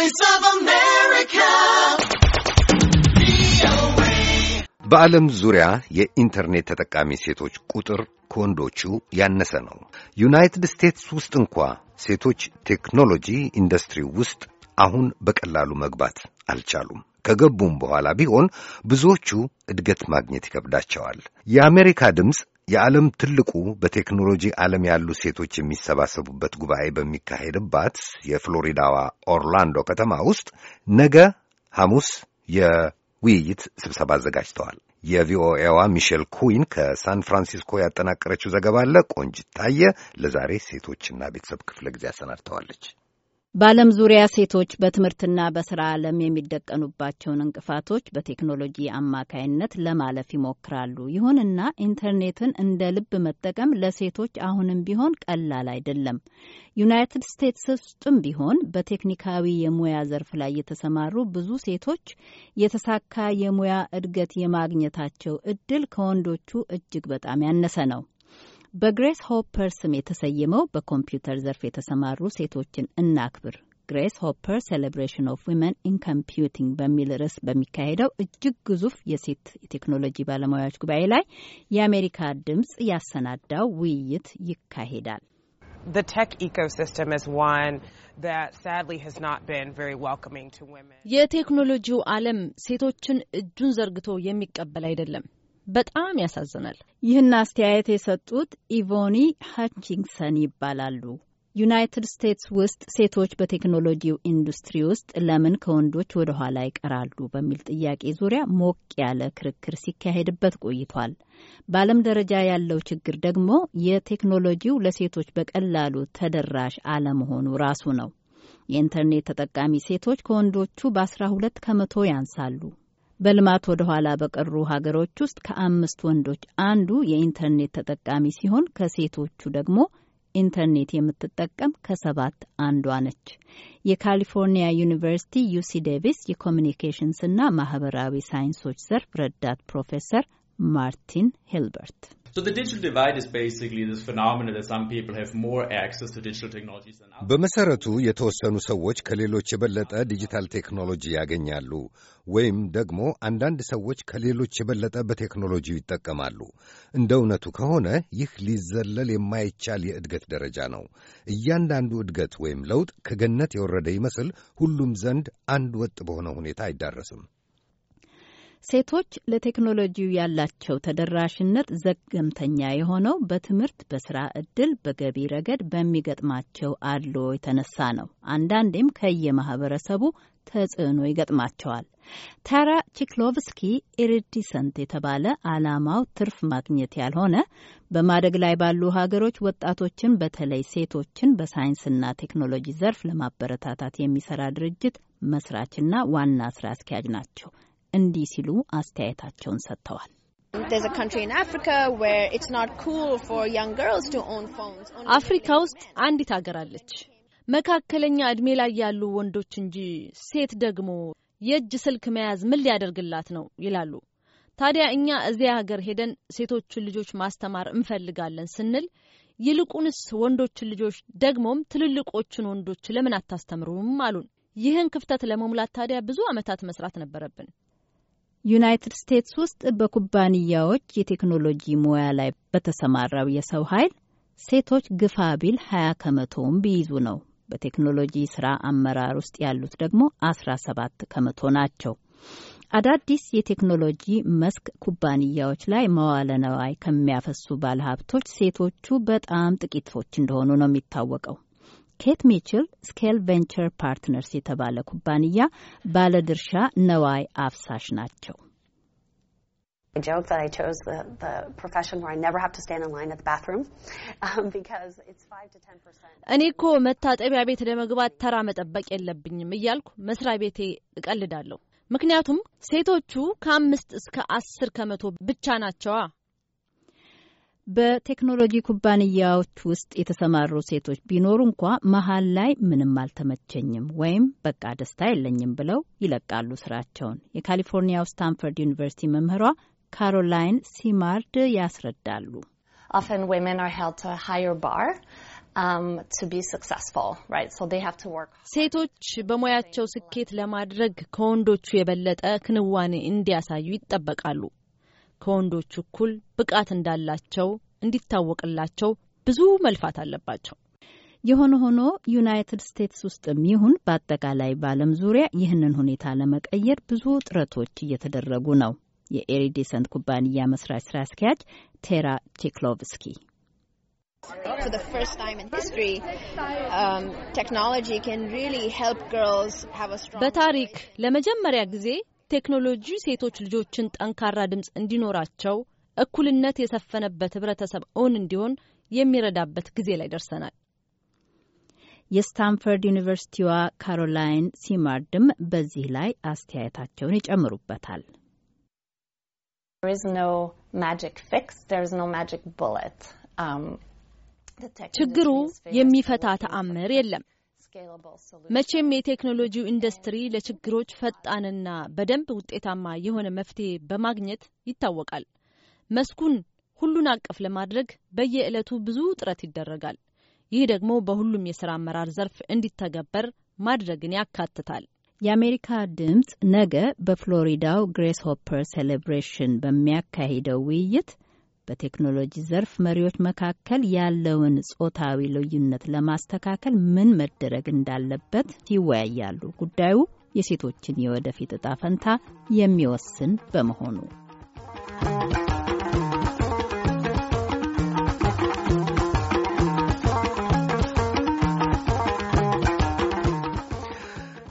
Voice of America. በዓለም ዙሪያ የኢንተርኔት ተጠቃሚ ሴቶች ቁጥር ከወንዶቹ ያነሰ ነው። ዩናይትድ ስቴትስ ውስጥ እንኳ ሴቶች ቴክኖሎጂ ኢንዱስትሪ ውስጥ አሁን በቀላሉ መግባት አልቻሉም። ከገቡም በኋላ ቢሆን ብዙዎቹ እድገት ማግኘት ይከብዳቸዋል። የአሜሪካ ድምፅ የዓለም ትልቁ በቴክኖሎጂ ዓለም ያሉ ሴቶች የሚሰባሰቡበት ጉባኤ በሚካሄድባት የፍሎሪዳዋ ኦርላንዶ ከተማ ውስጥ ነገ ሐሙስ የውይይት ስብሰባ አዘጋጅተዋል። የቪኦኤዋ ሚሼል ኩዊን ከሳን ፍራንሲስኮ ያጠናቀረችው ዘገባ አለ። ቆንጅት ታየ ለዛሬ ሴቶችና ቤተሰብ ክፍለ ጊዜ አሰናድተዋለች። በዓለም ዙሪያ ሴቶች በትምህርትና በስራ ዓለም የሚደቀኑባቸውን እንቅፋቶች በቴክኖሎጂ አማካይነት ለማለፍ ይሞክራሉ። ይሁንና ኢንተርኔትን እንደ ልብ መጠቀም ለሴቶች አሁንም ቢሆን ቀላል አይደለም። ዩናይትድ ስቴትስ ውስጥም ቢሆን በቴክኒካዊ የሙያ ዘርፍ ላይ የተሰማሩ ብዙ ሴቶች የተሳካ የሙያ እድገት የማግኘታቸው እድል ከወንዶቹ እጅግ በጣም ያነሰ ነው። በግሬስ ሆፐር ስም የተሰየመው በኮምፒውተር ዘርፍ የተሰማሩ ሴቶችን እናክብር ግሬስ ሆፐር ሴሌብሬሽን ኦፍ ዊመን ኢን ኮምፒውቲንግ በሚል ርዕስ በሚካሄደው እጅግ ግዙፍ የሴት የቴክኖሎጂ ባለሙያዎች ጉባኤ ላይ የአሜሪካ ድምፅ ያሰናዳው ውይይት ይካሄዳል። የቴክኖሎጂው ዓለም ሴቶችን እጁን ዘርግቶ የሚቀበል አይደለም። በጣም ያሳዝናል። ይህን አስተያየት የሰጡት ኢቮኒ ሃችንግሰን ይባላሉ። ዩናይትድ ስቴትስ ውስጥ ሴቶች በቴክኖሎጂው ኢንዱስትሪ ውስጥ ለምን ከወንዶች ወደ ኋላ ይቀራሉ በሚል ጥያቄ ዙሪያ ሞቅ ያለ ክርክር ሲካሄድበት ቆይቷል። በዓለም ደረጃ ያለው ችግር ደግሞ የቴክኖሎጂው ለሴቶች በቀላሉ ተደራሽ አለመሆኑ ራሱ ነው። የኢንተርኔት ተጠቃሚ ሴቶች ከወንዶቹ በ12 ከመቶ ያንሳሉ። በልማት ወደ ኋላ በቀሩ ሀገሮች ውስጥ ከአምስት ወንዶች አንዱ የኢንተርኔት ተጠቃሚ ሲሆን ከሴቶቹ ደግሞ ኢንተርኔት የምትጠቀም ከሰባት አንዷ ነች። የካሊፎርኒያ ዩኒቨርሲቲ ዩሲ ዴቪስ የኮሚኒኬሽንስና ማህበራዊ ሳይንሶች ዘርፍ ረዳት ፕሮፌሰር ማርቲን ሂልበርት በመሰረቱ የተወሰኑ ሰዎች ከሌሎች የበለጠ ዲጂታል ቴክኖሎጂ ያገኛሉ ወይም ደግሞ አንዳንድ ሰዎች ከሌሎች የበለጠ በቴክኖሎጂው ይጠቀማሉ። እንደ እውነቱ ከሆነ ይህ ሊዘለል የማይቻል የእድገት ደረጃ ነው። እያንዳንዱ እድገት ወይም ለውጥ ከገነት የወረደ ይመስል ሁሉም ዘንድ አንድ ወጥ በሆነ ሁኔታ አይዳረስም። ሴቶች ለቴክኖሎጂው ያላቸው ተደራሽነት ዘገምተኛ የሆነው በትምህርት፣ በስራ እድል፣ በገቢ ረገድ በሚገጥማቸው አድሎ የተነሳ ነው። አንዳንዴም ከየማህበረሰቡ ተጽዕኖ ይገጥማቸዋል። ታራ ቺክሎቭስኪ ኢሪዲሰንት የተባለ አላማው ትርፍ ማግኘት ያልሆነ በማደግ ላይ ባሉ ሀገሮች ወጣቶችን በተለይ ሴቶችን በሳይንስና ቴክኖሎጂ ዘርፍ ለማበረታታት የሚሰራ ድርጅት መስራችና ዋና ስራ አስኪያጅ ናቸው። እንዲህ ሲሉ አስተያየታቸውን ሰጥተዋል። አፍሪካ ውስጥ አንዲት ሀገር አለች። መካከለኛ ዕድሜ ላይ ያሉ ወንዶች እንጂ ሴት ደግሞ የእጅ ስልክ መያዝ ምን ሊያደርግላት ነው ይላሉ። ታዲያ እኛ እዚያ ሀገር ሄደን ሴቶችን ልጆች ማስተማር እንፈልጋለን ስንል ይልቁንስ ወንዶችን ልጆች ደግሞም ትልልቆችን ወንዶች ለምን አታስተምሩም አሉን። ይህን ክፍተት ለመሙላት ታዲያ ብዙ ዓመታት መስራት ነበረብን። ዩናይትድ ስቴትስ ውስጥ በኩባንያዎች የቴክኖሎጂ ሙያ ላይ በተሰማራው የሰው ኃይል ሴቶች ግፋ ቢል 20 ከመቶውን ቢይዙ ነው። በቴክኖሎጂ ስራ አመራር ውስጥ ያሉት ደግሞ 17 ከመቶ ናቸው። አዳዲስ የቴክኖሎጂ መስክ ኩባንያዎች ላይ መዋለ ነዋይ ከሚያፈሱ ባለሀብቶች ሴቶቹ በጣም ጥቂቶች እንደሆኑ ነው የሚታወቀው። ኬት ሚችል ስኬል ቬንቸር ፓርትነርስ የተባለ ኩባንያ ባለድርሻ ነዋይ አፍሳሽ ናቸው። um, እኔ እኮ መታጠቢያ ቤት ለመግባት ተራ መጠበቅ የለብኝም እያልኩ መስሪያ ቤቴ እቀልዳለሁ። ምክንያቱም ሴቶቹ ከአምስት እስከ አስር ከመቶ ብቻ ናቸዋ በቴክኖሎጂ ኩባንያዎች ውስጥ የተሰማሩ ሴቶች ቢኖሩ እንኳ መሀል ላይ ምንም አልተመቸኝም ወይም በቃ ደስታ የለኝም ብለው ይለቃሉ ስራቸውን። የካሊፎርኒያው ስታንፈርድ ዩኒቨርሲቲ መምህሯ ካሮላይን ሲማርድ ያስረዳሉ። um, ሴቶች በሙያቸው ስኬት ለማድረግ ከወንዶቹ የበለጠ ክንዋኔ እንዲያሳዩ ይጠበቃሉ። ከወንዶች እኩል ብቃት እንዳላቸው እንዲታወቅላቸው ብዙ መልፋት አለባቸው። የሆነ ሆኖ ዩናይትድ ስቴትስ ውስጥም ይሁን በአጠቃላይ በዓለም ዙሪያ ይህንን ሁኔታ ለመቀየር ብዙ ጥረቶች እየተደረጉ ነው። የኤሪዴሰንት ኩባንያ መስራች ስራ አስኪያጅ ቴራ ቼክሎቭስኪ um, በታሪክ ለመጀመሪያ ጊዜ ቴክኖሎጂ ሴቶች ልጆችን ጠንካራ ድምፅ እንዲኖራቸው፣ እኩልነት የሰፈነበት ህብረተሰብ እውን እንዲሆን የሚረዳበት ጊዜ ላይ ደርሰናል። የስታንፈርድ ዩኒቨርሲቲዋ ካሮላይን ሲማርድም በዚህ ላይ አስተያየታቸውን ይጨምሩበታል። um, ችግሩ የሚፈታ ተአምር የለም። መቼም የቴክኖሎጂው ኢንዱስትሪ ለችግሮች ፈጣንና በደንብ ውጤታማ የሆነ መፍትሄ በማግኘት ይታወቃል። መስኩን ሁሉን አቀፍ ለማድረግ በየዕለቱ ብዙ ጥረት ይደረጋል። ይህ ደግሞ በሁሉም የስራ አመራር ዘርፍ እንዲተገበር ማድረግን ያካትታል። የአሜሪካ ድምፅ ነገ በፍሎሪዳው ግሬስ ሆፐር ሴሌብሬሽን በሚያካሂደው ውይይት በቴክኖሎጂ ዘርፍ መሪዎች መካከል ያለውን ጾታዊ ልዩነት ለማስተካከል ምን መደረግ እንዳለበት ይወያያሉ። ጉዳዩ የሴቶችን የወደፊት እጣ ፈንታ የሚወስን በመሆኑ